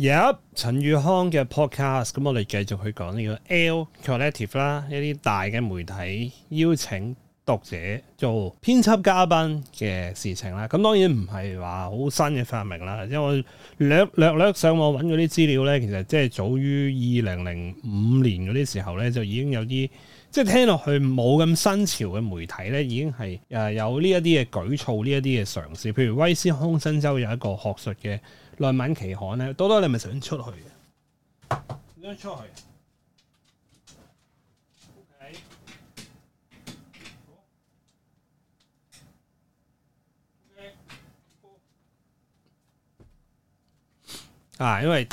入、yep, 陳宇康嘅 podcast，咁我哋繼續去講呢個 L Collective 啦，Coll ective, 一啲大嘅媒體邀請讀者做編輯嘉賓嘅事情啦。咁當然唔係話好新嘅發明啦，因為我略略略上網揾嗰啲資料咧，其實即係早於二零零五年嗰啲時候咧，就已經有啲即係聽落去冇咁新潮嘅媒體咧，已經係誒有呢一啲嘅舉措，呢一啲嘅嘗試，譬如威斯康辛州有一個學術嘅。內文期刊咧，多多你咪想出去嘅？你想出去啊！因為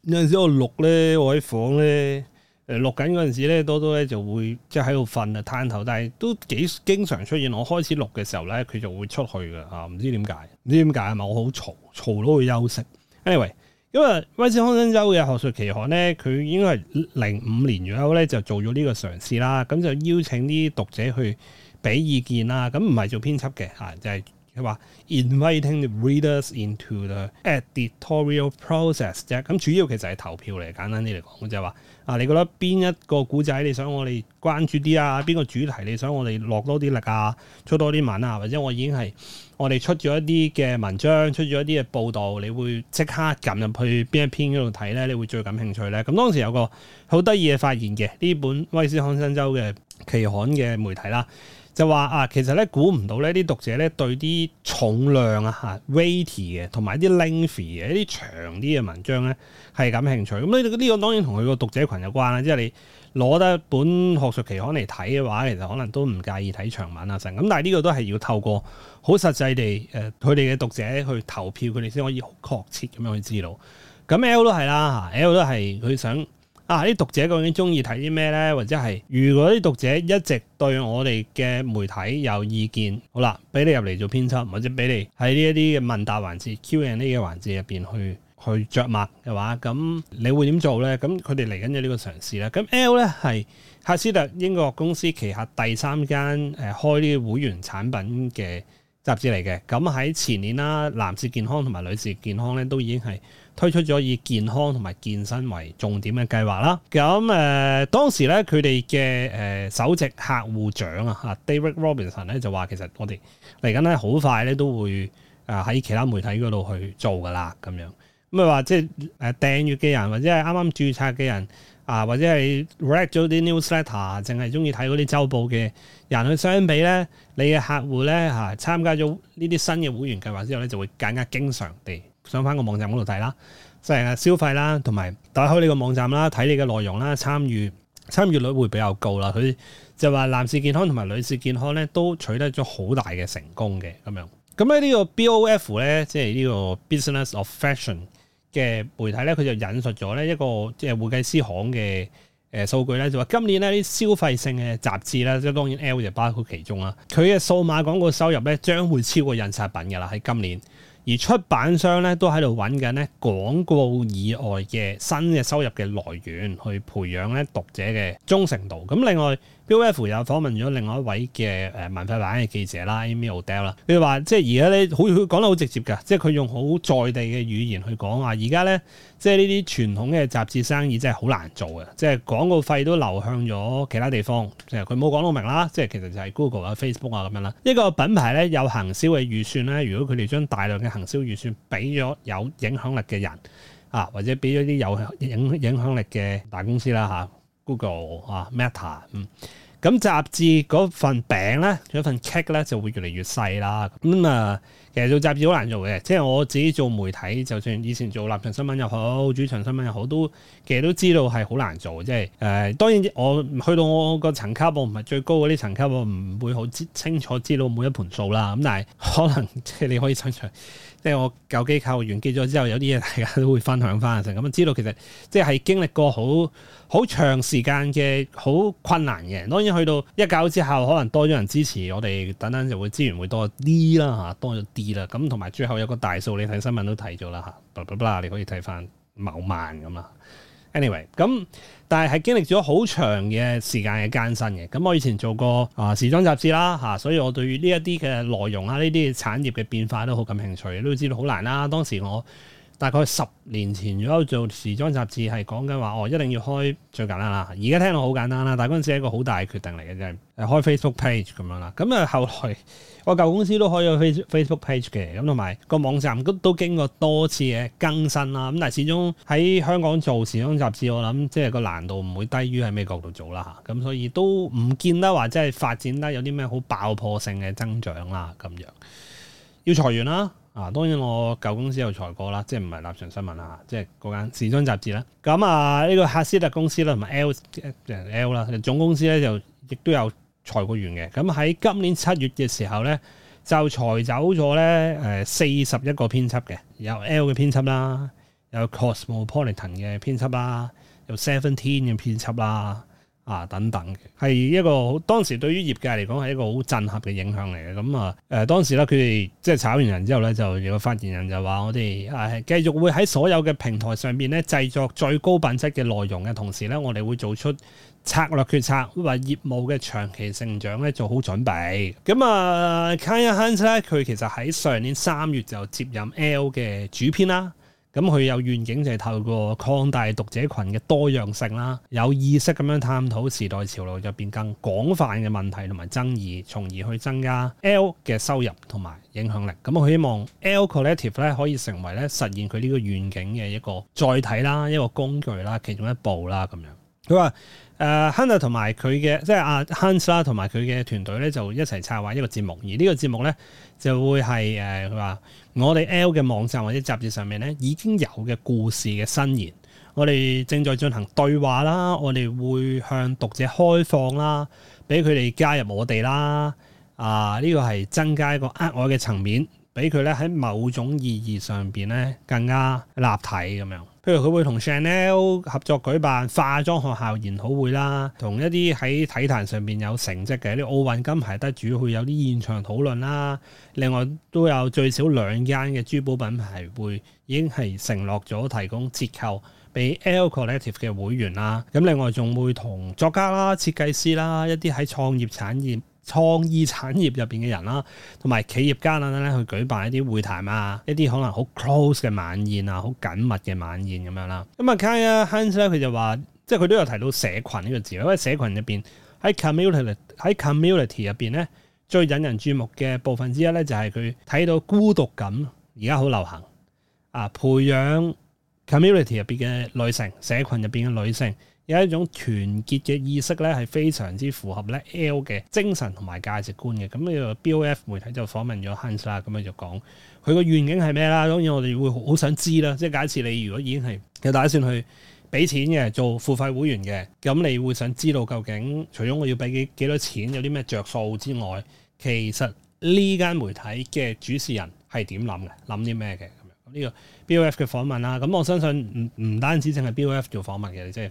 有陣時我錄咧，我喺房咧，誒錄緊嗰陣時咧，多多咧就會即係喺度瞓啊，攤頭。但係都幾經常出現。我開始錄嘅時候咧，佢就會出去嘅啊，唔知點解？唔知點解啊？係咪我好嘈？嘈到佢休息。anyway，因為威斯康辛州嘅學術期刊咧，佢應該係零五年左右咧就做咗呢個嘗試啦，咁就邀請啲讀者去俾意見啦，咁唔係做編輯嘅吓、啊，就係、是。佢話 inviting the readers into the editorial process 啫，咁主要其實係投票嚟，簡單啲嚟講，就係話啊，你覺得邊一個古仔你想我哋關注啲啊？邊個主題你想我哋落多啲力啊？出多啲文啊？或者我已經係我哋出咗一啲嘅文章，出咗一啲嘅報導，你會即刻撳入去邊一篇嗰度睇咧？你會最感興趣咧？咁當時有個好得意嘅發現嘅，呢本威斯康辛州嘅期刊嘅媒體啦。就話啊，其實咧估唔到呢啲讀者咧對啲重量啊嚇，weighty 嘅同埋啲 lengthy 嘅一啲長啲嘅文章咧係感興趣。咁呢個呢個當然同佢個讀者群有關啦。即係你攞得本學術期刊嚟睇嘅話，其實可能都唔介意睇長文啊什。咁但係呢個都係要透過好實際地誒佢哋嘅讀者去投票，佢哋先可以確切咁樣去知道。咁 L 都係啦嚇，L 都係佢想。嗱，啲、啊、讀者究竟中意睇啲咩咧？或者係如果啲讀者一直對我哋嘅媒體有意見，好啦，俾你入嚟做編輯，或者俾你喺呢一啲嘅問答環節、Q&A 嘅環節入邊去去著墨嘅話，咁你會點做咧？咁佢哋嚟緊嘅呢個嘗試咧，咁 L 咧係赫斯特英國公司旗下第三間誒開呢啲會員產品嘅雜誌嚟嘅。咁喺前年啦，男士健康同埋女士健康咧都已經係。推出咗以健康同埋健身為重點嘅計劃啦。咁誒、呃、當時咧，佢哋嘅誒首席客戶長啊，David Robinson 咧就話：其實我哋嚟緊咧好快咧都會啊喺其他媒體嗰度去做噶啦。咁樣咁佢話即係誒、呃、訂閱嘅人，或者係啱啱註冊嘅人啊，或者係 read 咗啲 newsletter，淨係中意睇嗰啲周報嘅人去相比咧，你嘅客戶咧嚇參加咗呢啲新嘅會員計劃之後咧，就會更加經常地。上翻個網站嗰度睇啦，即係消費啦，同埋打開你個網站啦，睇你嘅內容啦，參與參與率會比較高啦。佢就話男士健康同埋女士健康咧，都取得咗好大嘅成功嘅咁樣。咁喺呢個 B.O.F 咧，即係呢個 Business of Fashion 嘅媒體咧，佢就引述咗呢一個即係會計師行嘅誒數據咧，就話今年呢啲消費性嘅雜誌咧，即係當然 L 就包括其中啦。佢嘅數碼廣告收入咧，將會超過印刷品嘅啦，喺今年。而出版商咧都喺度揾緊咧，廣告以外嘅新嘅收入嘅來源，去培養咧讀者嘅忠誠度。咁另外，U.F. 又訪問咗另外一位嘅誒、呃、文化版嘅記者啦，Emil Del 啦，佢話即係而家咧，好佢講得好直接㗎，即係佢用好在地嘅語言去講話，而家咧即係呢啲傳統嘅雜誌生意真係好難做嘅，即係廣告費都流向咗其他地方。其實佢冇講到明啦，即係其實就係 Google 啊、Facebook 啊咁樣啦。呢個品牌咧有行銷嘅預算咧，如果佢哋將大量嘅行銷預算俾咗有影響力嘅人啊，或者俾咗啲有影影響力嘅大公司啦嚇、啊，Google 啊、Meta 嗯。咁雜誌嗰份餅咧，嗰份 cake 咧就會越嚟越細啦。咁啊～其實做雜誌好難做嘅，即係我自己做媒體，就算以前做立場新聞又好，主場新聞又好，都其實都知道係好難做。即係誒、呃，當然我去到我個層級，我唔係最高嗰啲層級，我唔會好清楚知道每一盤數啦。咁但係可能即係你可以想像，即係我舊機構完結咗之後，有啲嘢大家都會分享翻嘅，咁我知道其實即係經歷過好好長時間嘅好困難嘅。當然去到一搞之後，可能多咗人支持我哋，等等就會資源會多啲啦嚇，多咗啲。咁，同埋最後有個大數，你睇新聞都睇咗啦嚇，你可以睇翻某萬咁啦。Anyway，咁但係係經歷咗好長嘅時間嘅艱辛嘅。咁我以前做過啊時裝雜誌啦嚇，所以我對呢一啲嘅內容啊，呢啲產業嘅變化都好感興趣。都知道好難啦，當時我。大概十年前左右做時裝雜誌係講緊話，哦一定要開最簡單啦。而家聽到好簡單啦，但係嗰陣時係一個好大嘅決定嚟嘅，就係開 Facebook page 咁樣啦。咁啊後來我舊公司都開咗 Facebook Facebook page 嘅，咁同埋個網站都都經過多次嘅更新啦。咁但係始終喺香港做時裝雜誌，我諗即係個難度唔會低於喺咩角度做啦。咁所以都唔見得話即係發展得有啲咩好爆破性嘅增長啦。咁樣要裁員啦。啊，當然我舊公司有裁過啦，即係唔係立場新聞啦，即係嗰間時裝雜誌啦。咁啊，呢、這個赫斯特公司啦，同埋 L L 啦，其實總公司咧就亦都有裁過員嘅。咁、啊、喺今年七月嘅時候咧，就裁走咗咧誒四十一個編輯嘅，有 L 嘅編輯啦，有 Cosmopolitan 嘅編輯啦，有 Seventeen 嘅編輯啦。啊，等等嘅，係一個好當時對於業界嚟講係一個好震撼嘅影響嚟嘅。咁、嗯、啊，誒、呃、當時咧佢哋即係炒完人之後咧，就有個發言人就話：我哋誒繼續會喺所有嘅平台上邊咧製作最高品質嘅內容嘅同時咧，我哋會做出策略決策，為業務嘅長期成長咧做好準備。咁、嗯、啊、呃、Kindle Hands 咧，佢其實喺上年三月就接任 L 嘅主編啦。咁佢有願景就係透過擴大讀者群嘅多樣性啦，有意識咁樣探討時代潮流入邊更廣泛嘅問題同埋爭議，從而去增加 L 嘅收入同埋影響力。咁我希望 L Collective 咧可以成為咧實現佢呢個願景嘅一個載體啦，一個工具啦，其中一步啦咁樣。佢話。誒、uh, hunter 同埋佢嘅即係阿 hunter 啦，同埋佢嘅團隊咧就一齊策劃一個節目，而呢個節目咧就會係誒佢話我哋 L 嘅網站或者雜誌上面咧已經有嘅故事嘅新言，我哋正在進行對話啦，我哋會向讀者開放啦，俾佢哋加入我哋啦，啊呢、這個係增加一個額外嘅層面。俾佢咧喺某種意義上邊咧更加立體咁樣，譬如佢會同 Chanel 合作舉辦化妝學校研討會啦，同一啲喺體壇上邊有成績嘅啲奧運金牌得主會有啲現場討論啦。另外都有最少兩間嘅珠寶品牌會已經係承諾咗提供折扣俾 L Collective 嘅會員啦。咁另外仲會同作家啦、設計師啦、一啲喺創業產業，創意產業入邊嘅人啦，同埋企業家等等咧，去舉辦一啲會談啊，一啲可能好 close 嘅晚宴啊，好緊密嘅晚宴咁樣啦。咁啊，Kai Hansen 咧，佢就話，即係佢都有提到社群呢個字啦，因為社群入邊喺 community 喺 community 入邊咧，最引人注目嘅部分之一咧，就係佢睇到孤獨感，而家好流行啊，培養 community 入邊嘅女性，社群入邊嘅女性。有一種團結嘅意識咧，係非常之符合咧 L 嘅精神同埋價值觀嘅。咁呢個 BOF 媒體就訪問咗 Hans 啦，咁樣就講佢個願景係咩啦？當然我哋會好想知啦。即係假設你如果已經係有打算去俾錢嘅做付費會員嘅，咁你會想知道究竟除咗我要俾幾多錢、有啲咩着數之外，其實呢間媒體嘅主持人係點諗嘅？諗啲咩嘅？咁樣咁呢個 BOF 嘅訪問啦。咁我相信唔唔單止淨係 BOF 做訪問嘅，即係